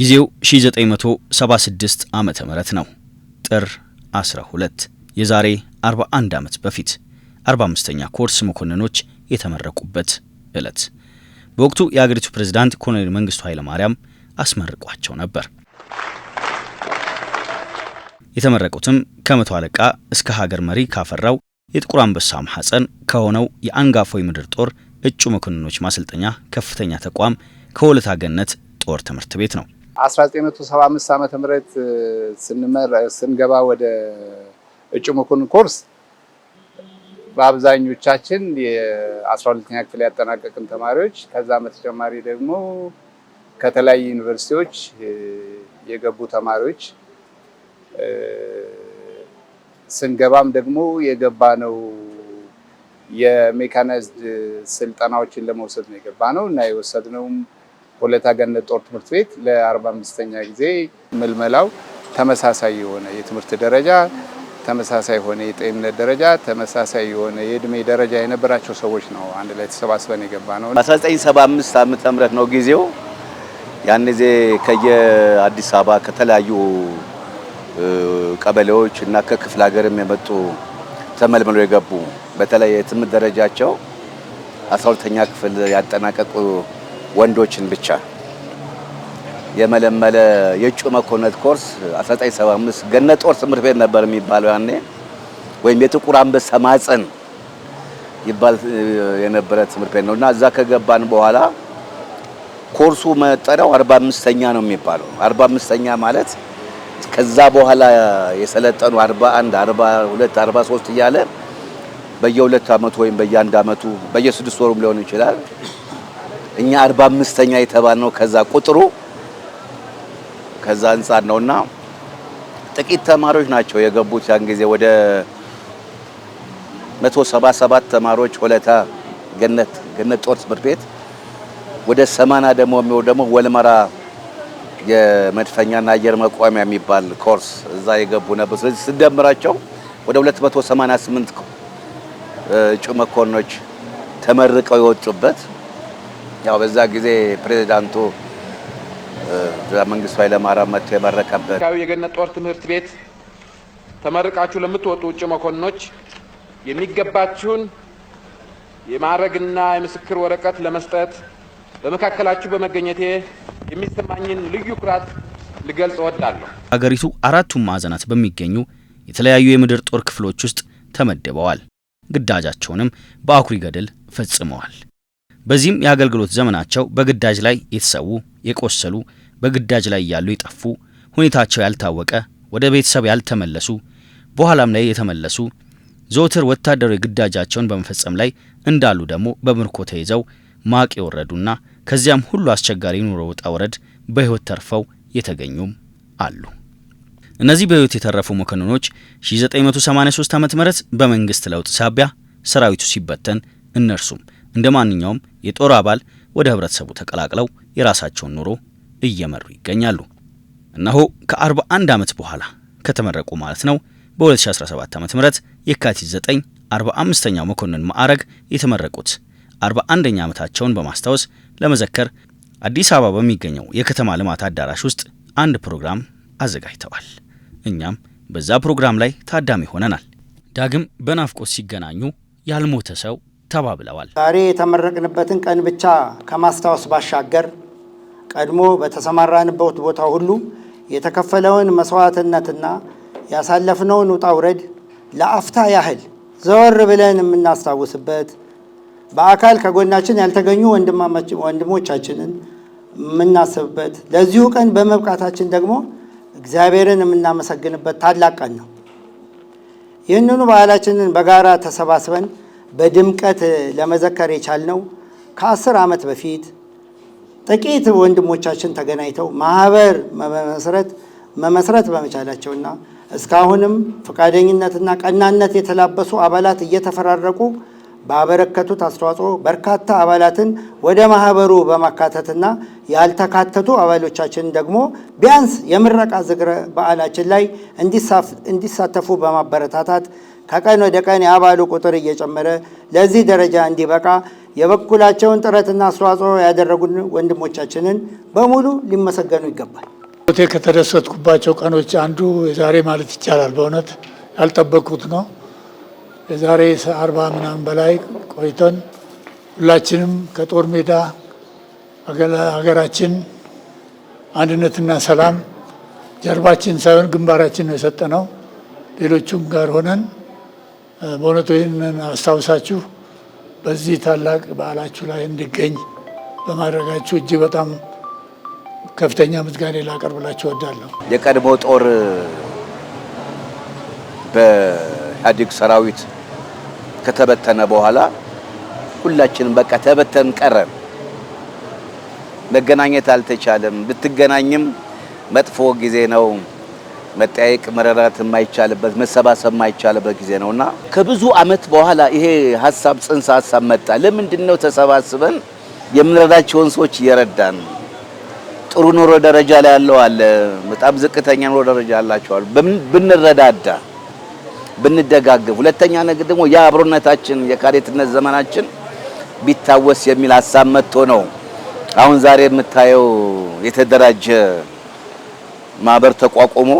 ጊዜው 1976 ዓመተ ምህረት ነው። ጥር 12 የዛሬ 41 ዓመት በፊት 45ኛ ኮርስ መኮንኖች የተመረቁበት ዕለት በወቅቱ የአገሪቱ ፕሬዝዳንት ኮሎኔል መንግስቱ ኃይለማርያም አስመርቋቸው ነበር። የተመረቁትም ከመቶ አለቃ እስከ ሀገር መሪ ካፈራው የጥቁር አንበሳ ማህፀን ከሆነው የአንጋፋው ምድር ጦር እጩ መኮንኖች ማሰልጠኛ ከፍተኛ ተቋም ከወለታ ገነት ጦር ትምህርት ቤት ነው። 1975 ዓመተ ምህረት ስንገባ ወደ እጩ መኮንን ኮርስ በአብዛኞቻችን የ12ኛ ክፍል ያጠናቀቅን ተማሪዎች ከዛ በተጨማሪ ደግሞ ከተለያዩ ዩኒቨርሲቲዎች የገቡ ተማሪዎች ስንገባም ደግሞ የገባ ነው የሜካናይዝድ ስልጠናዎችን ለመውሰድ ነው የገባ ነው እና የወሰድነውም ወለታ ገነት ጦር ትምህርት ቤት ለ45ኛ ጊዜ ምልመላው ተመሳሳይ የሆነ የትምህርት ደረጃ ተመሳሳይ የሆነ የጤንነት ደረጃ ተመሳሳይ የሆነ የእድሜ ደረጃ የነበራቸው ሰዎች ነው አንድ ላይ ተሰባስበን የገባ ነው። 1975 ዓመተ ምህረት ነው ጊዜው። ያን ጊዜ ከየአዲስ አበባ ከተለያዩ ቀበሌዎች እና ከክፍለ ሀገርም የመጡ ተመልምለው የገቡ በተለይ የትምህርት ደረጃቸው 12ኛ ክፍል ያጠናቀቁ ወንዶችን ብቻ የመለመለ የእጩ መኮንነት ኮርስ 1975 ገነ ጦር ትምህርት ቤት ነበር የሚባለው ያኔ ወይም የጥቁር አንበሳ ማጸን ይባል የነበረ ትምህርት ቤት ነው እና እዛ ከገባን በኋላ ኮርሱ መጠሪያው 45ኛ ነው የሚባለው። 45ኛ ማለት ከዛ በኋላ የሰለጠኑ 41፣ 42፣ 43 እያለ በየሁለት ዓመቱ ወይም በየአንድ ዓመቱ በየስድስት ወሩም ሊሆን ይችላል እኛ አርባ አምስተኛ የተባልነው ከዛ ቁጥሩ ከዛ አንጻር ነውና ጥቂት ተማሪዎች ናቸው የገቡት። ያን ጊዜ ወደ 177 ተማሪዎች ሆለታ ገነት ገነት ጦር ትምህርት ቤት ወደ 80 ደግሞ የሚሆኑ ደግሞ ወልመራ የመድፈኛና አየር መቋሚያ የሚባል ኮርስ እዛ የገቡ ነበር። ስለዚህ ስደምራቸው ወደ 288 እጩ መኮንኖች ተመርቀው የወጡበት ያው በዛ ጊዜ ፕሬዚዳንቱ መንግስቱ ኃይለማርያም መጥቶ የመረቀበት የገነት ጦር ትምህርት ቤት ተመርቃችሁ ለምትወጡ ውጭ መኮንኖች የሚገባችሁን የማዕረግና የምስክር ወረቀት ለመስጠት በመካከላችሁ በመገኘቴ የሚሰማኝን ልዩ ኩራት ልገልጽ እወዳለሁ። አገሪቱ አራቱም ማዕዘናት በሚገኙ የተለያዩ የምድር ጦር ክፍሎች ውስጥ ተመድበዋል። ግዳጃቸውንም በአኩሪ ገድል ፈጽመዋል። በዚህም የአገልግሎት ዘመናቸው በግዳጅ ላይ የተሰዉ፣ የቆሰሉ፣ በግዳጅ ላይ እያሉ የጠፉ፣ ሁኔታቸው ያልታወቀ፣ ወደ ቤተሰብ ያልተመለሱ፣ በኋላም ላይ የተመለሱ፣ ዘወትር ወታደራዊ ግዳጃቸውን በመፈጸም ላይ እንዳሉ ደግሞ በምርኮ ተይዘው ማቅ የወረዱና ከዚያም ሁሉ አስቸጋሪ ኑሮ ውጣ ውረድ በሕይወት ተርፈው የተገኙም አሉ። እነዚህ በሕይወት የተረፉ መኮንኖች 1983 ዓ.ም በመንግስት ለውጥ ሳቢያ ሰራዊቱ ሲበተን እነርሱም እንደ ማንኛውም የጦር አባል ወደ ህብረተሰቡ ተቀላቅለው የራሳቸውን ኑሮ እየመሩ ይገኛሉ። እነሆ ከ41 ዓመት በኋላ ከተመረቁ ማለት ነው በ2017 ዓ ም የካቲት 9 45ኛው መኮንን ማዕረግ የተመረቁት 41ኛ ዓመታቸውን በማስታወስ ለመዘከር አዲስ አበባ በሚገኘው የከተማ ልማት አዳራሽ ውስጥ አንድ ፕሮግራም አዘጋጅተዋል። እኛም በዛ ፕሮግራም ላይ ታዳሚ ሆነናል። ዳግም በናፍቆት ሲገናኙ ያልሞተ ሰው ተባብለዋል። ዛሬ የተመረቅንበትን ቀን ብቻ ከማስታወስ ባሻገር ቀድሞ በተሰማራንበት ቦታ ሁሉ የተከፈለውን መስዋዕትነትና ያሳለፍነውን ውጣ ውረድ ለአፍታ ያህል ዘወር ብለን የምናስታውስበት በአካል ከጎናችን ያልተገኙ ወንድሞቻችንን የምናስብበት ለዚሁ ቀን በመብቃታችን ደግሞ እግዚአብሔርን የምናመሰግንበት ታላቅ ቀን ነው። ይህንኑ ባህላችንን በጋራ ተሰባስበን በድምቀት ለመዘከር የቻልነው ከአስር ዓመት በፊት ጥቂት ወንድሞቻችን ተገናኝተው ማህበር መመስረት መመስረት በመቻላቸውና እስካሁንም ፈቃደኝነትና ቀናነት የተላበሱ አባላት እየተፈራረቁ ባበረከቱት አስተዋጽኦ በርካታ አባላትን ወደ ማህበሩ በማካተትና ያልተካተቱ አባሎቻችን ደግሞ ቢያንስ የምረቃ ዝግረ በዓላችን ላይ እንዲሳተፉ በማበረታታት ከቀን ወደ ቀን የአባሉ ቁጥር እየጨመረ ለዚህ ደረጃ እንዲበቃ የበኩላቸውን ጥረትና አስተዋጽኦ ያደረጉን ወንድሞቻችንን በሙሉ ሊመሰገኑ ይገባል። ቴ ከተደሰትኩባቸው ቀኖች አንዱ የዛሬ ማለት ይቻላል። በእውነት ያልጠበቅኩት ነው። የዛሬ አርባ ምናምን በላይ ቆይተን ሁላችንም ከጦር ሜዳ ሀገራችን አንድነትና ሰላም ጀርባችን ሳይሆን ግንባራችን ነው የሰጠነው። ሌሎቹም ጋር ሆነን በእውነቱ ይህንን አስታውሳችሁ በዚህ ታላቅ በዓላችሁ ላይ እንዲገኝ በማድረጋችሁ እጅግ በጣም ከፍተኛ ምስጋኔ ላቀርብላችሁ እወዳለሁ። የቀድሞ ጦር በኢህአዴግ ሰራዊት ከተበተነ በኋላ ሁላችንም በቃ ተበተን ቀረን። መገናኘት አልተቻለም። ብትገናኝም መጥፎ ጊዜ ነው መጠያየቅ መረዳት የማይቻልበት መሰባሰብ የማይቻልበት ጊዜ ነው እና ከብዙ አመት በኋላ ይሄ ሀሳብ ጽንሰ ሀሳብ መጣ። ለምንድን ነው ተሰባስበን የምንረዳቸውን ሰዎች እየረዳን ጥሩ ኑሮ ደረጃ ላይ ያለው አለ፣ በጣም ዝቅተኛ ኑሮ ደረጃ ያላቸዋል። ብንረዳዳ፣ ብንደጋግፍ፣ ሁለተኛ ነገር ደግሞ የአብሮነታችን የካዴትነት ዘመናችን ቢታወስ የሚል ሀሳብ መጥቶ ነው አሁን ዛሬ የምታየው የተደራጀ ማህበር ተቋቁሞ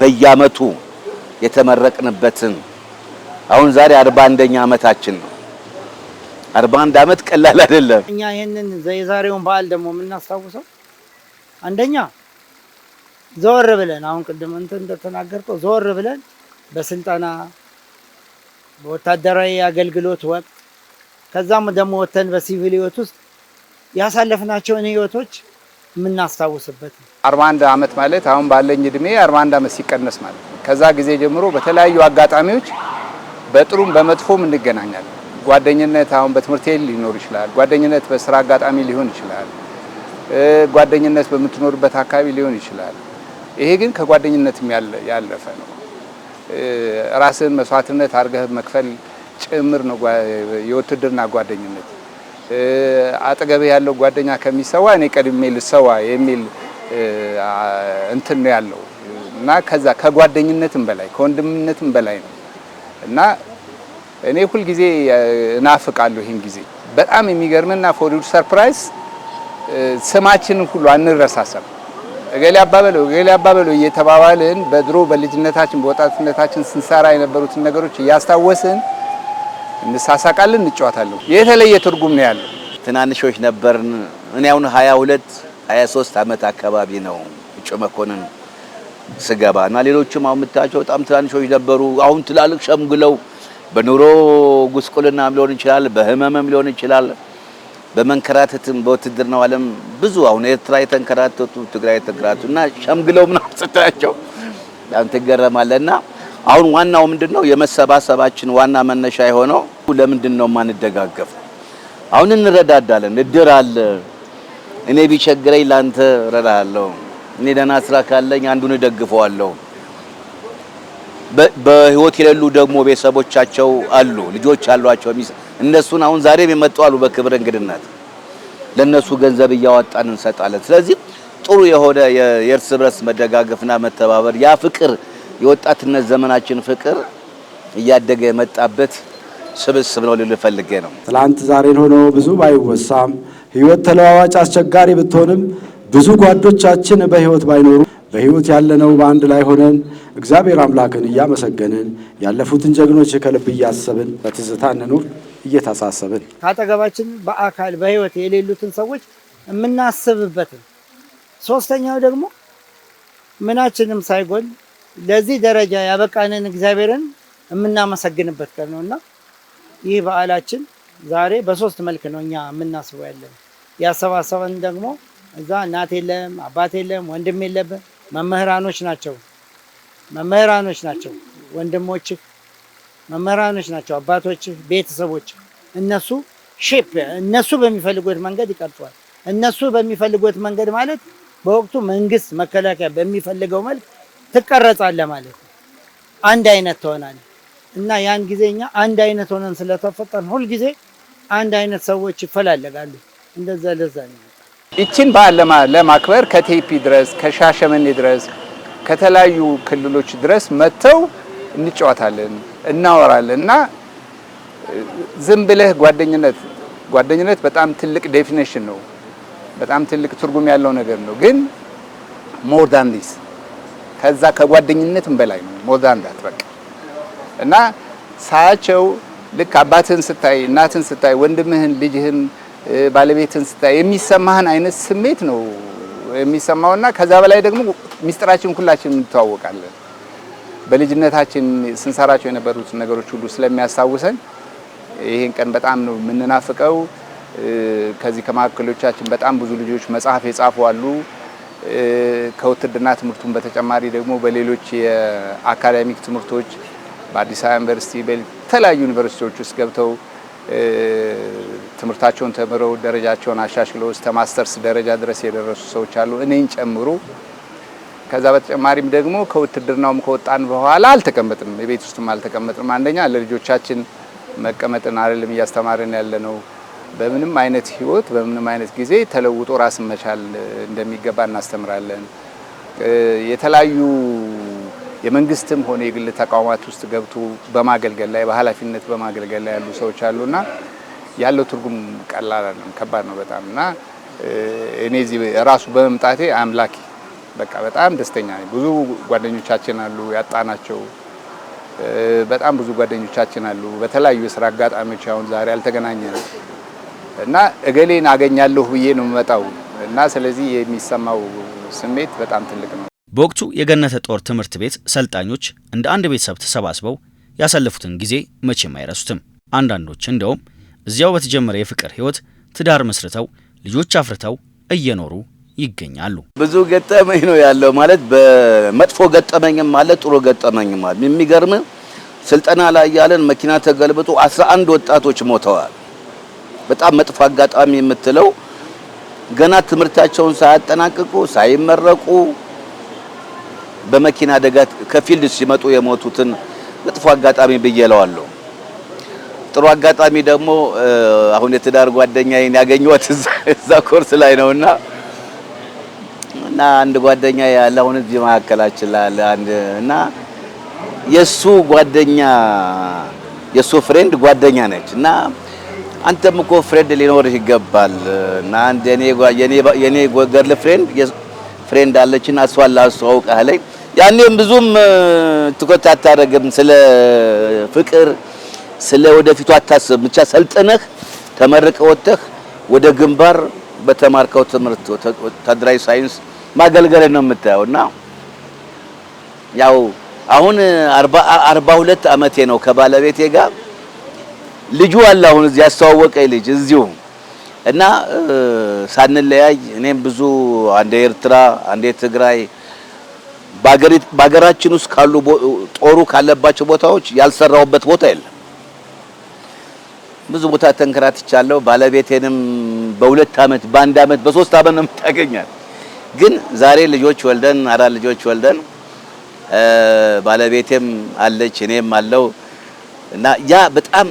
በየአመቱ የተመረቅንበትን አሁን ዛሬ አርባ አንደኛ አመታችን ነው። አርባ አንድ ዓመት ቀላል አይደለም። እኛ ይህንን የዛሬውን በዓል ደግሞ የምናስታውሰው አንደኛ ዘወር ብለን አሁን ቅድም እንትን እንደተናገርከው ዘወር ብለን በስልጠና በወታደራዊ አገልግሎት ወቅት ከዛም ደግሞ ወተን በሲቪል ህይወት ውስጥ ያሳለፍናቸውን ህይወቶች የምናስታውስበት ነው። 41 ዓመት ማለት አሁን ባለኝ እድሜ 41 ዓመት ሲቀነስ ማለት ነው። ከዛ ጊዜ ጀምሮ በተለያዩ አጋጣሚዎች በጥሩም በመጥፎም እንገናኛለን። ጓደኝነት አሁን በትምህርት ሊኖር ይችላል። ጓደኝነት በስራ አጋጣሚ ሊሆን ይችላል። ጓደኝነት በምትኖርበት አካባቢ ሊሆን ይችላል። ይሄ ግን ከጓደኝነትም ያለፈ ነው። ራስን መስዋዕትነት አድርገህ መክፈል ጭምር ነው የውትድርና ጓደኝነት። አጠገብ ያለው ጓደኛ ከሚሰዋ እኔ ቀድሜ ልሰዋ የሚል እንትን ነው ያለው እና ከዛ ከጓደኝነትም በላይ ከወንድምነትም በላይ ነው እና እኔ ሁልጊዜ እናፍቃለሁ ይህን ጊዜ። በጣም የሚገርምና ፎርዱ ሰርፕራይዝ ስማችንን ሁሉ አንረሳሰም። እገሌ አባበለው እገሌ አባበለው እየተባባልን በድሮ በልጅነታችን በወጣትነታችን ስንሰራ የነበሩትን ነገሮች እያስታወስን እንሳሳቃለን፣ እንጫወታለን። የተለየ ትርጉም ነው ያለው። ትናንሾች ነበርን። እኔ አሁን ሀያ ሁለት 23 ዓመት አካባቢ ነው እጩ መኮንን ስገባ እና ሌሎችም አሁን የምታያቸው በጣም ትናንሾች ነበሩ። አሁን ትላልቅ ሸምግለው በኑሮ ጉስቁልናም ሊሆን ይችላል፣ በህመምም ሊሆን ይችላል፣ በመንከራተትም በውትድርናው ዓለም ብዙ አሁን ኤርትራ የተንከራተቱ ትግራይ የተንከራተቱ እና ሸምግለው ምናምን ስትላቸው በጣም ትገረማለህ እና አሁን ዋናው ምንድን ነው የመሰባሰባችን ዋና መነሻ የሆነው ለምንድን ነው የማንደጋገፍ? አሁን እንረዳዳለን፣ እድር አለ እኔ ቢቸግረኝ ላንተ ረዳሃለሁ፣ እኔ ደህና ስራ ካለኝ አንዱን እደግፈዋለሁ። በህይወት የሌሉ ደግሞ ቤተሰቦቻቸው አሉ፣ ልጆች አሏቸው። እነሱን አሁን ዛሬም የመጡ አሉ በክብር እንግድነት ለነሱ ገንዘብ እያወጣን እንሰጣለን። ስለዚህ ጥሩ የሆነ የእርስ በርስ መደጋገፍና መተባበር ያ ፍቅር የወጣትነት ዘመናችን ፍቅር እያደገ የመጣበት ስብስብ ነው ልል ፈልጌ ነው። ትላንት ዛሬን ሆኖ ብዙ ባይወሳም ህይወት ተለዋዋጭ አስቸጋሪ ብትሆንም ብዙ ጓዶቻችን በህይወት ባይኖሩ በህይወት ያለነው በአንድ ላይ ሆነን እግዚአብሔር አምላክን እያመሰገንን ያለፉትን ጀግኖች ከልብ እያሰብን በትዝታ እንኑር እየተሳሰብን ከአጠገባችን በአካል በህይወት የሌሉትን ሰዎች የምናስብበትን ሶስተኛው ደግሞ ምናችንም ሳይጎል ለዚህ ደረጃ ያበቃንን እግዚአብሔርን የምናመሰግንበት ቀን እና ይህ በዓላችን ዛሬ በሶስት መልክ ነው እኛ የምናስበው ያለን። ያሰባሰበን ደግሞ እዛ እናት የለም አባት የለም ወንድም የለም መምህራኖች ናቸው መምህራኖች ናቸው ወንድሞችህ መምህራኖች ናቸው አባቶችህ ቤተሰቦች እነሱ ሼፕ እነሱ በሚፈልጉት መንገድ ይቀርጸዋል። እነሱ በሚፈልጉት መንገድ ማለት በወቅቱ መንግስት መከላከያ በሚፈልገው መልክ ትቀረጻለህ ማለት ነው። አንድ አይነት ትሆናለህ። እና ያን ጊዜ እኛ አንድ አይነት ሆነን ስለተፈጠርን ሁልጊዜ አንድ አይነት ሰዎች ይፈላለጋሉ። እንደዛ ለዛ ነው። ይችን በዓል ለማክበር ከቴፒ ድረስ ከሻሸመኔ ድረስ ከተለያዩ ክልሎች ድረስ መጥተው እንጫወታለን፣ እናወራለን እና ዝም ብለህ ጓደኝነት ጓደኝነት በጣም ትልቅ ዴፊኔሽን ነው። በጣም ትልቅ ትርጉም ያለው ነገር ነው። ግን ሞር ዳን ዲስ ከዛ ከጓደኝነትም በላይ ነው። ሞር ዳን ዳት በቃ እና ሳያቸው ልክ አባትህን ስታይ፣ እናትህን ስታይ፣ ወንድምህን፣ ልጅህን፣ ባለቤትህን ስታይ የሚሰማህን አይነት ስሜት ነው የሚሰማውና ከዛ በላይ ደግሞ ሚስጥራችን ሁላችን እንተዋወቃለን። በልጅነታችን ስንሰራቸው የነበሩት ነገሮች ሁሉ ስለሚያስታውሰን ይሄን ቀን በጣም ነው የምንናፍቀው። ከዚህ ከመካከሎቻችን በጣም ብዙ ልጆች መጽሐፍ የጻፉ አሉ። ከውትድርና ትምህርቱን በተጨማሪ ደግሞ በሌሎች የአካዳሚክ ትምህርቶች በአዲስ አበባ ዩኒቨርሲቲ በተለያዩ ዩኒቨርሲቲዎች ውስጥ ገብተው ትምህርታቸውን ተምረው ደረጃቸውን አሻሽለው እስከ ማስተርስ ደረጃ ድረስ የደረሱ ሰዎች አሉ፣ እኔን ጨምሮ። ከዛ በተጨማሪም ደግሞ ከውትድርናውም ከወጣን በኋላ አልተቀመጥንም፣ የቤት ውስጥም አልተቀመጥንም። አንደኛ ለልጆቻችን መቀመጥን አይደለም እያስተማርን ያለ ነው። በምንም አይነት ህይወት በምንም አይነት ጊዜ ተለውጦ ራስን መቻል እንደሚገባ እናስተምራለን። የተለያዩ የመንግስትም ሆነ የግል ተቋማት ውስጥ ገብቶ በማገልገል ላይ በኃላፊነት በማገልገል ላይ ያሉ ሰዎች አሉና ያለው ትርጉም ቀላል አለም ከባድ ነው በጣም እና እኔ እዚህ ራሱ በመምጣቴ አምላኪ በቃ በጣም ደስተኛ ነኝ። ብዙ ጓደኞቻችን አሉ ያጣናቸው፣ በጣም ብዙ ጓደኞቻችን አሉ በተለያዩ የስራ አጋጣሚዎች አሁን ዛሬ ነው እና እገሌን አገኛለሁ ብዬ ነው የምመጣው እና ስለዚህ የሚሰማው ስሜት በጣም ትልቅ ነው። በወቅቱ የገነተ ጦር ትምህርት ቤት ሰልጣኞች እንደ አንድ ቤተሰብ ተሰባስበው ያሳለፉትን ጊዜ መቼም አይረሱትም። አንዳንዶች እንደውም እዚያው በተጀመረ የፍቅር ህይወት ትዳር መስርተው ልጆች አፍርተው እየኖሩ ይገኛሉ። ብዙ ገጠመኝ ነው ያለው ማለት በመጥፎ ገጠመኝም አለ፣ ጥሩ ገጠመኝም አለ። የሚገርም ስልጠና ላይ ያለን መኪና ተገልብጦ 11 ወጣቶች ሞተዋል። በጣም መጥፎ አጋጣሚ የምትለው ገና ትምህርታቸውን ሳያጠናቅቁ ሳይመረቁ በመኪና አደጋ ከፊልድ ሲመጡ የሞቱትን መጥፎ አጋጣሚ ብዬለዋለሁ። ጥሩ አጋጣሚ ደግሞ አሁን የትዳር ጓደኛዬን ያገኘኋት እዛ ኮርስ ላይ ነውና እና አንድ ጓደኛ ያለ አሁን እዚህ መካከላችን ላለ አንድ እና የሱ ጓደኛ የሱ ፍሬንድ ጓደኛ ነች እና አንተም እኮ ፍሬንድ ሊኖርህ ይገባል እና አንድ የኔ የኔ ገርል ፍሬንድ ፍሬንድ አለችና እሷን ላስተዋውቅህ አለኝ። ያኔም ብዙም ትኮት አታደርግም። ስለ ፍቅር ስለ ወደፊቱ አታስብ። ብቻ ሰልጥነህ ተመርቀህ ወጥተህ ወደ ግንባር በተማርከው ትምህርት ወታደራዊ ሳይንስ ማገልገል ነው የምታየው። እና ያው አሁን 42 አመቴ ነው ከባለቤቴ ጋር ልጁ አለ አሁን እዚህ ያስተዋወቀኝ ልጅ እዚሁ እና ሳንለያይ እኔም ብዙ አንዴ ኤርትራ አንዴ ትግራይ በሀገራችን ውስጥ ካሉ ጦሩ ካለባቸው ቦታዎች ያልሰራውበት ቦታ የለም። ብዙ ቦታ ተንከራትቻለሁ። ባለቤቴንም በሁለት አመት በአንድ አመት በሶስት ዓመት ነው ግን ዛሬ ልጆች ወልደን አራት ልጆች ወልደን ባለቤቴም አለች እኔም አለው እና ያ በጣም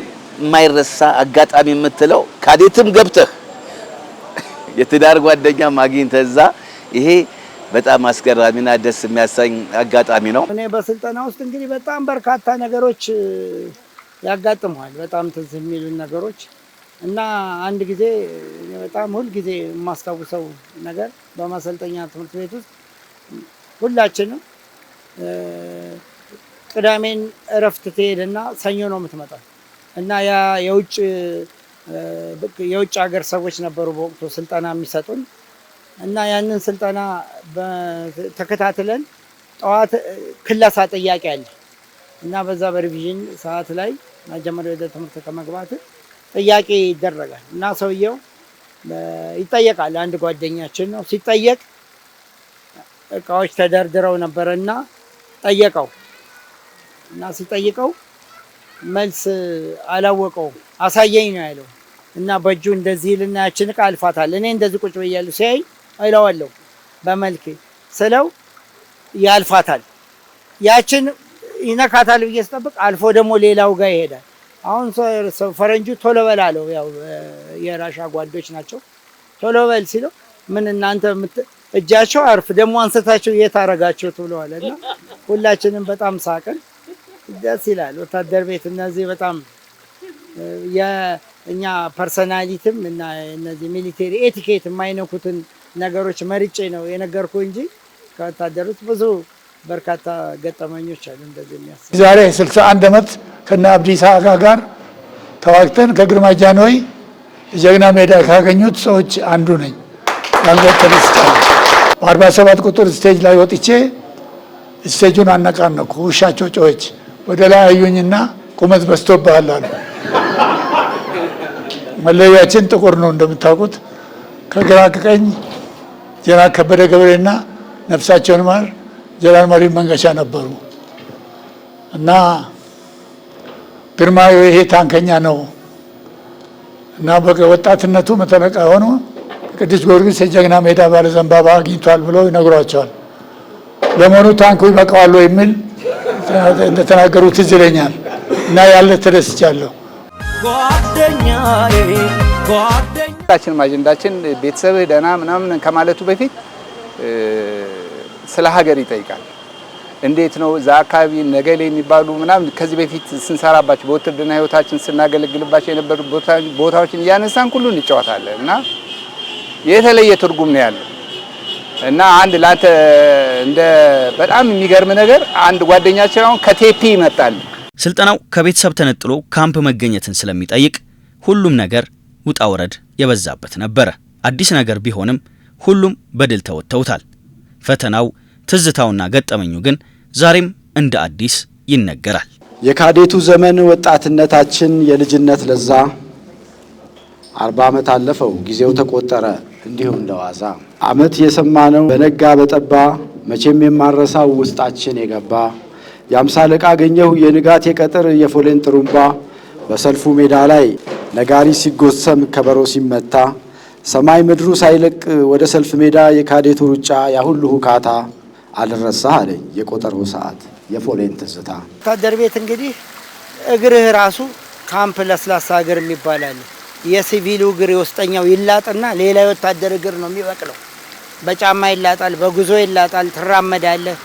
የማይረሳ አጋጣሚ የምትለው ካዴትም ገብተህ የትዳር ጓደኛም አግኝተህ እዛ ይሄ በጣም አስገራሚና ደስ የሚያሰኝ አጋጣሚ ነው። እኔ በስልጠና ውስጥ እንግዲህ በጣም በርካታ ነገሮች ያጋጥመዋል። በጣም ትዝ የሚሉን ነገሮች እና አንድ ጊዜ በጣም ሁል ጊዜ የማስታውሰው ነገር በማሰልጠኛ ትምህርት ቤት ውስጥ ሁላችንም ቅዳሜን እረፍት ትሄድና ሰኞ ነው የምትመጣ እና ያ የውጭ የውጭ ሀገር ሰዎች ነበሩ በወቅቱ ስልጠና የሚሰጡን እና ያንን ስልጠና ተከታትለን ጠዋት ክለሳ ጥያቄ አለ እና በዛ በሪቪዥን ሰዓት ላይ መጀመሪያ ወደ ትምህርት ከመግባት ጥያቄ ይደረጋል እና ሰውየው ይጠየቃል። አንድ ጓደኛችን ነው። ሲጠየቅ እቃዎች ተደርድረው ነበረ እና ጠየቀው እና ሲጠይቀው መልስ አላወቀው አሳየኝ ነው ያለው እና በእጁ እንደዚህ ልናያችን እቃ አልፋታል እኔ እንደዚህ ቁጭ ብያለሁ ሲያይ እለዋለሁ በመልኬ ስለው ያልፋታል። ያችን ይነካታል ብዬ ስጠብቅ አልፎ ደግሞ ሌላው ጋር ይሄዳል። አሁን ፈረንጁ ቶሎ በል አለው። ያው የራሻ ጓዶች ናቸው። ቶሎ በል ሲለው ምን እናንተ እጃቸው አርፍ ደግሞ አንስታቸው የት አረጋቸው ትብለዋል። እና ሁላችንም በጣም ሳቅን። ደስ ይላል። ወታደር ቤት እነዚህ በጣም እኛ ፐርሰናሊቲም እና እነዚህ ሚሊቴሪ ኤቲኬት የማይነኩትን ነገሮች መርጬ ነው የነገርኩ እንጂ ከወታደሮች ብዙ በርካታ ገጠመኞች አሉ። እንደዚህ የሚያስ ዛሬ 61 አመት ከነ አብዲሳ አጋ ጋር ተዋግተን ከግርማ ጃንሆይ የጀግና ሜዳ ካገኙት ሰዎች አንዱ ነኝ። አንገት ተነስቻ ቁጥር ስቴጅ ላይ ወጥቼ ስቴጁን አነቃነኩ። ውሻቸው ጮኸች። ወደ ላይ አዩኝና ቁመት በዝቶብሃል አሉ። መለያችን ጥቁር ነው እንደምታውቁት። ከግራ ከቀኝ ጀነራል ከበደ ገብሬና ነፍሳቸውን ማር ጀነራል መሪም መንገሻ ነበሩ እና ግርማዊ ይሄ ታንከኛ ነው እና ወጣትነቱ መተነቃ ሆኖ ቅዱስ ጊዮርጊስ የጀግና ሜዳ ባለ ዘንባባ አግኝቷል ብለው ይነግሯቸዋል። ለመሆኑ ታንኩ ይበቃዋል የሚል እንደተናገሩ ትዝ ይለኛል እና ያለ ተደስቻለሁ። ጓደኛዬ ጓደኛችን አጀንዳችን ቤተሰብህ ደህና ምናምን ከማለቱ በፊት ስለ ሀገር ይጠይቃል። እንዴት ነው እዛ አካባቢ ነገሌ የሚባሉ ምናምን ከዚህ በፊት ስንሰራባቸው በውትድርና ህይወታችን ስናገለግልባቸው የነበሩ ቦታዎችን እያነሳን ሁሉ እንጫወታለን እና የተለየ ትርጉም ነው ያለው እና አንድ ላንተ እንደ በጣም የሚገርም ነገር አንድ ጓደኛችን አሁን ከቴፒ ይመጣል ስልጠናው ከቤተሰብ ተነጥሎ ካምፕ መገኘትን ስለሚጠይቅ ሁሉም ነገር ውጣ ውረድ የበዛበት ነበረ። አዲስ ነገር ቢሆንም ሁሉም በድል ተወጥተውታል። ፈተናው ትዝታውና ገጠመኙ ግን ዛሬም እንደ አዲስ ይነገራል። የካዴቱ ዘመን ወጣትነታችን የልጅነት ለዛ አርባ ዓመት አለፈው ጊዜው ተቆጠረ እንዲሁም እንደዋዛ አመት ዓመት የሰማነው በነጋ በጠባ መቼም የማረሳው ውስጣችን የገባ የአምሳ አለቃ አገኘሁ የንጋት የቀጥር የፎሌን ጥሩምባ በሰልፉ ሜዳ ላይ ነጋሪ ሲጎሰም ከበሮ ሲመታ ሰማይ ምድሩ ሳይለቅ ወደ ሰልፍ ሜዳ የካዴቱ ሩጫ ያሁሉ ሁካታ አልረሳ አለኝ የቆጠሮ ሰዓት የፎሌን ትዝታ። ወታደር ቤት እንግዲህ እግርህ ራሱ ካምፕ ለስላሳ እግር የሚባላል የሲቪሉ እግር የውስጠኛው ይላጥና ሌላ የወታደር እግር ነው የሚበቅለው። በጫማ ይላጣል፣ በጉዞ ይላጣል፣ ትራመዳለህ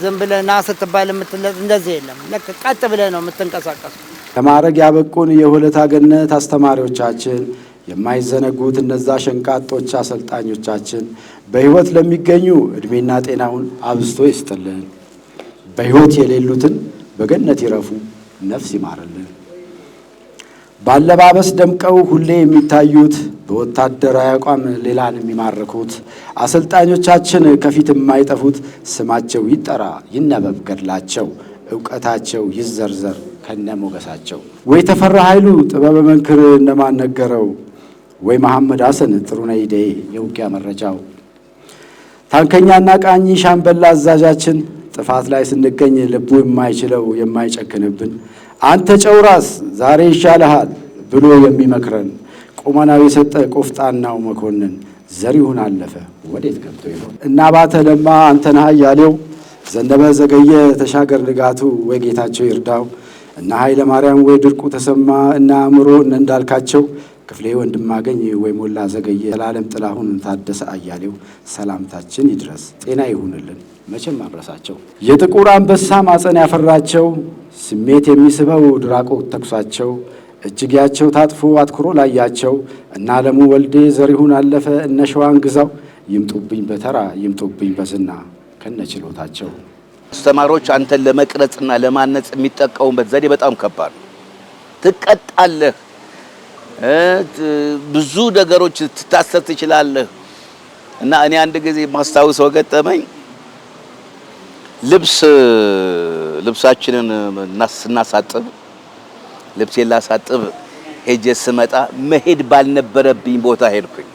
ዝም ብለህ ና ስትባል የምትለጥ እንደዚህ የለም። ልክ ቀጥ ብለህ ነው የምትንቀሳቀሱ። ለማዕረግ ያበቁን የውለታ ገነት አስተማሪዎቻችን፣ የማይዘነጉት እነዛ ሸንቃጦች አሰልጣኞቻችን በሕይወት ለሚገኙ እድሜና ጤናውን አብዝቶ ይስጥልን። በሕይወት የሌሉትን በገነት ይረፉ፣ ነፍስ ይማርልን። በአለባበስ ደምቀው ሁሌ የሚታዩት በወታደራዊ አቋም ሌላን የሚማርኩት አሰልጣኞቻችን ከፊት የማይጠፉት ስማቸው ይጠራ ይነበብ ገድላቸው እውቀታቸው ይዘርዘር ከነ ሞገሳቸው ወይ ተፈራ ኃይሉ ጥበበ መንክር እነማን ነገረው ወይ መሐመድ አሰን ጥሩነህ ይዴ የውጊያ መረጃው ታንከኛና ቃኝ ሻምበላ አዛዣችን ጥፋት ላይ ስንገኝ ልቡ የማይችለው የማይጨክንብን አንተ ጨው ራስ ዛሬ ይሻልሃል ብሎ የሚመክረን ቁመናው የሰጠ ቆፍጣናው መኮንን ዘሪሁን አለፈ ወዴት ገብቶ ይሆን? እና ባተ ለማ አንተ ነህ አያሌው ዘነበ ዘገየ ተሻገር ንጋቱ ወይ ጌታቸው ይርዳው እና ኃይለ ማርያም ወይ ድርቁ ተሰማ እና አእምሮ እነ እንዳልካቸው ክፍሌ ወንድማገኝ ወይ ሞላ ዘገየ ዘላለም ጥላሁን ታደሰ አያሌው ሰላምታችን ይድረስ። ጤና ይሁንልን። መቼም አልረሳቸው። የጥቁር አንበሳ ማፀን ያፈራቸው ስሜት የሚስበው ድራቆት ተኩሳቸው እጅጌያቸው ታጥፎ አትኩሮ ላያቸው እነ አለሙ ወልዴ ዘሪሁን አለፈ እነ ሸዋን ግዛው ይምጡብኝ በተራ ይምጡብኝ በዝና ከነችሎታቸው። አስተማሪዎች አንተን ለመቅረጽና ለማነጽ የሚጠቀሙበት ዘዴ በጣም ከባድ ነው። ትቀጣለህ፣ ብዙ ነገሮች ትታሰር ትችላለህ እና እኔ አንድ ጊዜ ማስታውሰው ገጠመኝ ልብስ ልብሳችንን ስናሳጥብ ልብሴን ላሳጥብ ሄጄ ስመጣ መሄድ ባልነበረብኝ ቦታ ሄድኩኝ።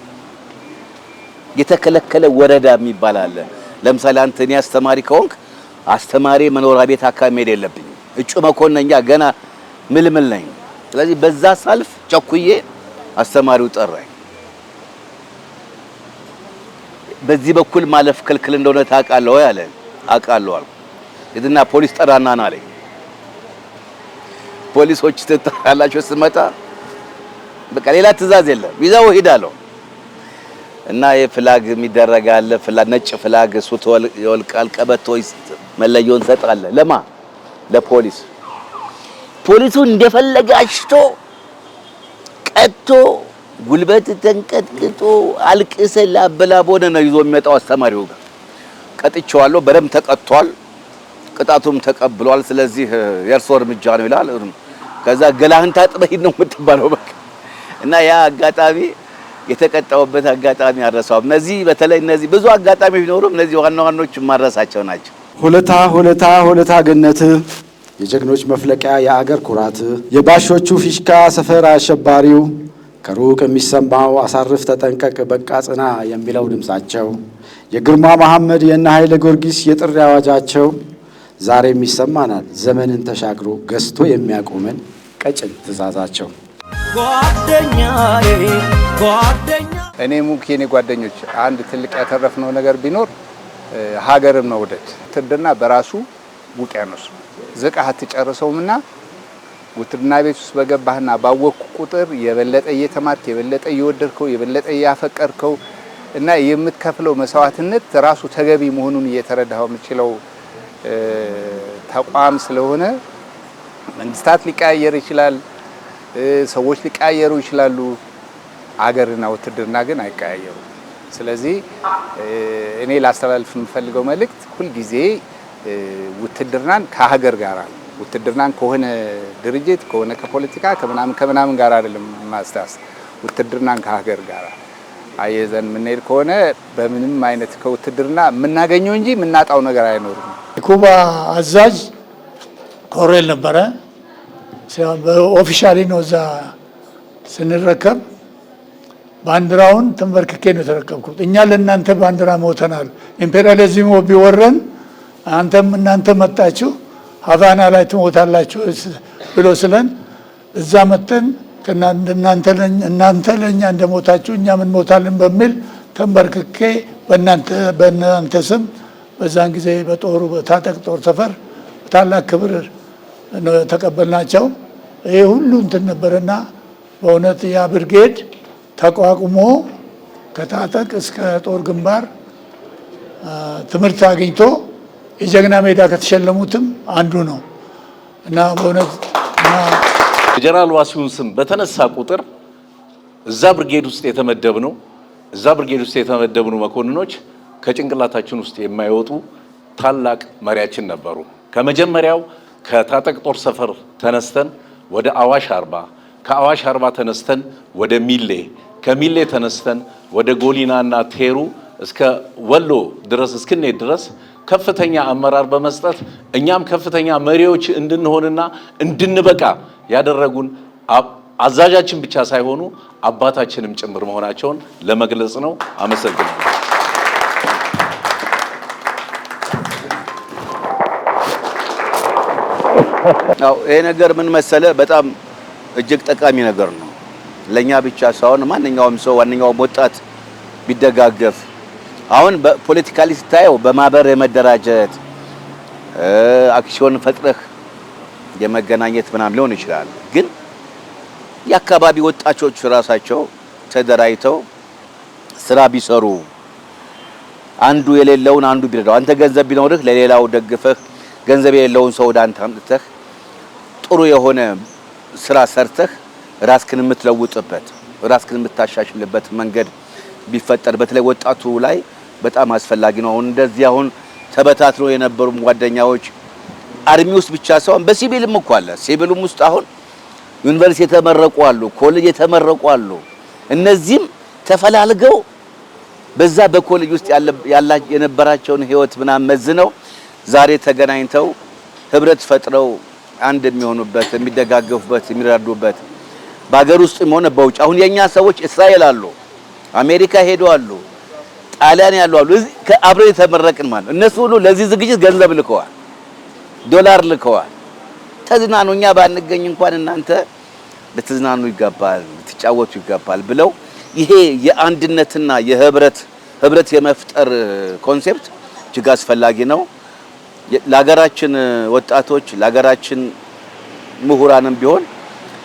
የተከለከለ ወረዳ የሚባል አለ። ለምሳሌ አንተ እኔ አስተማሪ ከሆንክ አስተማሪ መኖሪያ ቤት አካባቢ መሄድ የለብኝ። እጩ መኮንኛ ገና ምልምል ነኝ። ስለዚህ በዛ ሳልፍ ቸኩዬ አስተማሪው ጠራኝ። በዚህ በኩል ማለፍ ክልክል እንደሆነ ታውቃለህ ወይ አለ። አውቃለሁ አልኩ። እድና ፖሊስ ጠራና ና አለኝ። ፖሊሶች ትጠራላቸው ስመጣ በቃ ሌላ ትእዛዝ የለም ይዘው ሂዳለሁ እና የፍላግ የሚደረግ አለ ፍላግ ነጭ ፍላግ እሱ ይወልቃል። ቀበቶ መለየውን ሰጣለ ለማ ለፖሊስ ፖሊሱ እንደፈለገ አሽቶ ቀጥቶ ጉልበት ተንቀጥቅጦ አልቅሰ ላበላቦነ ነው ይዞ የሚመጣው አስተማሪው ጋር ቀጥቼዋለሁ። በደንብ ተቀጥቷል፣ ቅጣቱም ተቀብሏል። ስለዚህ የእርሶ እርምጃ ነው ይላል። ከዛ ገላህን ታጥበህ ነው የምትባለው በቃ እና ያ አጋጣሚ የተቀጣውበት አጋጣሚ አልረሳውም። እነዚህ በተለይ እነዚህ ብዙ አጋጣሚ ቢኖሩም እነዚህ ዋና ዋኖች የማረሳቸው ናቸው። ሁለታ ሁለታ ሁለታ ገነት የጀግኖች መፍለቂያ የአገር ኩራት የባሾቹ ፊሽካ ሰፈር አሸባሪው ከሩቅ የሚሰማው አሳርፍ ተጠንቀቅ፣ በቃ ጽና የሚለው ድምፃቸው፣ የግርማ መሐመድ የእነ ኃይለ ጊዮርጊስ የጥሪ አዋጃቸው ዛሬም ይሰማናል ዘመንን ተሻግሮ ገዝቶ የሚያቆመን ቀጭን ትእዛዛቸው። እኔ ሙክ የኔ ጓደኞች አንድ ትልቅ ያተረፍነው ነገር ቢኖር ሀገርን መውደድ። ትርድና በራሱ ውቅያኖስ ዝቃህ አትጨርሰውምና ውትድና ቤት ውስጥ በገባህና ባወቅኩ ቁጥር የበለጠ እየተማርክ የበለጠ እየወደድከው የበለጠ እያፈቀርከው እና የምትከፍለው መስዋዕትነት ራሱ ተገቢ መሆኑን እየተረዳው የምችለው ተቋም ስለሆነ መንግስታት ሊቀያየር ይችላል፣ ሰዎች ሊቀያየሩ ይችላሉ። አገርና ውትድርና ግን አይቀያየሩ። ስለዚህ እኔ ላስተላልፍ የምፈልገው መልእክት ሁልጊዜ ውትድርናን ከሀገር ጋር ነው ውትድርናን ከሆነ ድርጅት ከሆነ ከፖለቲካ ከምናምን ከምናምን ጋር አይደለም ማስታስ ውትድርናን ከሀገር ጋር አየዘን የምንሄድ ከሆነ በምንም አይነት ከውትድርና የምናገኘው እንጂ የምናጣው ነገር አይኖርም። የኩባ አዛዥ ኮሬል ነበረ። ኦፊሻሊ ነው እዛ ስንረከብ ባንዲራውን ተንበርክኬ ነው የተረከብኩት። እኛ ለእናንተ ባንዲራ ሞተናል፣ ኢምፔሪያሊዝሙ ቢወረን አንተም እናንተ መጣችሁ ሀቫና ላይ ትሞታላችሁ ብሎ ስለን እዛ መጥተን እናንተ ለእኛ እንደሞታችሁ እኛም እንሞታለን በሚል ተንበርክኬ በእናንተ ስም በዛን ጊዜ በጦሩ በታጠቅ ጦር ሰፈር ታላቅ ክብር ተቀበልናቸው። ይህ ሁሉ እንትን ነበረና በእውነት ያ ብርጌድ ተቋቁሞ ከታጠቅ እስከ ጦር ግንባር ትምህርት አግኝቶ የጀግና ሜዳ ከተሸለሙትም አንዱ ነው እና በእውነት ጀነራል ዋሲሁን ስም በተነሳ ቁጥር እዛ ብርጌድ ውስጥ ነው እዛ ብርጌድ ውስጥ የተመደብነው መኮንኖች ከጭንቅላታችን ውስጥ የማይወጡ ታላቅ መሪያችን ነበሩ። ከመጀመሪያው ከታጠቅ ጦር ሰፈር ተነስተን ወደ አዋሽ አርባ ከአዋሽ አርባ ተነስተን ወደ ሚሌ ከሚሌ ተነስተን ወደ ጎሊናና ቴሩ እስከ ወሎ ድረስ እስክኔ ድረስ ከፍተኛ አመራር በመስጠት እኛም ከፍተኛ መሪዎች እንድንሆንና እንድንበቃ ያደረጉን አዛዣችን ብቻ ሳይሆኑ አባታችንም ጭምር መሆናቸውን ለመግለጽ ነው። አመሰግናለሁ። ይሄ ነገር ምን መሰለ፣ በጣም እጅግ ጠቃሚ ነገር ነው ለእኛ ብቻ ሳይሆን ማንኛውም ሰው ማንኛውም ወጣት ቢደጋገፍ አሁን ፖለቲካሊ ስታየው በማህበር የመደራጀት አክሲዮን ፈጥረህ የመገናኘት ምናምን ሊሆን ይችላል። ግን የአካባቢ ወጣቾች ራሳቸው ተደራጅተው ስራ ቢሰሩ አንዱ የሌለውን አንዱ ቢረዳው፣ አንተ ገንዘብ ቢኖርህ ለሌላው ደግፈህ ገንዘብ የሌለውን ሰው ወደ አንተ አምጥተህ ጥሩ የሆነ ስራ ሰርተህ ራስክን የምትለውጥበት ራስክን የምታሻሽልበት መንገድ ቢፈጠር በተለይ ወጣቱ ላይ በጣም አስፈላጊ ነው። አሁን እንደዚህ አሁን ተበታትነው የነበሩ ጓደኛዎች አርሚ ውስጥ ብቻ ሳይሆን በሲቪልም እኮ አለ። ሲቪልም ውስጥ አሁን ዩኒቨርሲቲ የተመረቁ አሉ፣ ኮሌጅ የተመረቁ አሉ። እነዚህም ተፈላልገው በዛ በኮሌጅ ውስጥ የነበራቸውን ህይወት ምናምን መዝነው ዛሬ ተገናኝተው ህብረት ፈጥረው አንድ የሚሆኑበት የሚደጋገፉበት፣ የሚረዱበት በሀገር ውስጥ ሆነ በውጭ አሁን የኛ ሰዎች እስራኤል አሉ፣ አሜሪካ ሄዱ አሉ ጣሊያን ያሉ አሉ። እዚህ ከአብረን የተመረቅን ማለት እነሱ ሁሉ ለዚህ ዝግጅት ገንዘብ ልከዋል፣ ዶላር ልከዋል። ተዝናኑ፣ እኛ ባንገኝ እንኳን እናንተ ልትዝናኑ ይገባል፣ ልትጫወቱ ይገባል ብለው ይሄ የአንድነትና የህብረት ህብረት የመፍጠር ኮንሴፕት እጅግ አስፈላጊ ነው። ለሀገራችን ወጣቶች ለሀገራችን ምሁራንም ቢሆን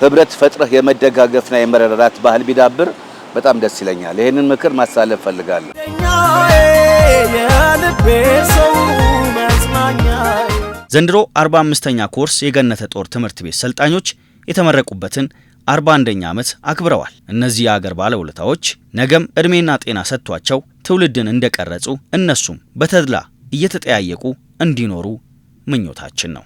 ህብረት ፈጥረህ የመደጋገፍና የመረዳዳት ባህል ቢዳብር በጣም ደስ ይለኛል። ይህንን ምክር ማሳለፍ ፈልጋለሁ። ዘንድሮ 45ኛ ኮርስ የገነተ ጦር ትምህርት ቤት ሰልጣኞች የተመረቁበትን 41ኛ ዓመት አክብረዋል። እነዚህ የአገር ባለውለታዎች ነገም ዕድሜና ጤና ሰጥቷቸው ትውልድን እንደቀረጹ እነሱም በተድላ እየተጠያየቁ እንዲኖሩ ምኞታችን ነው።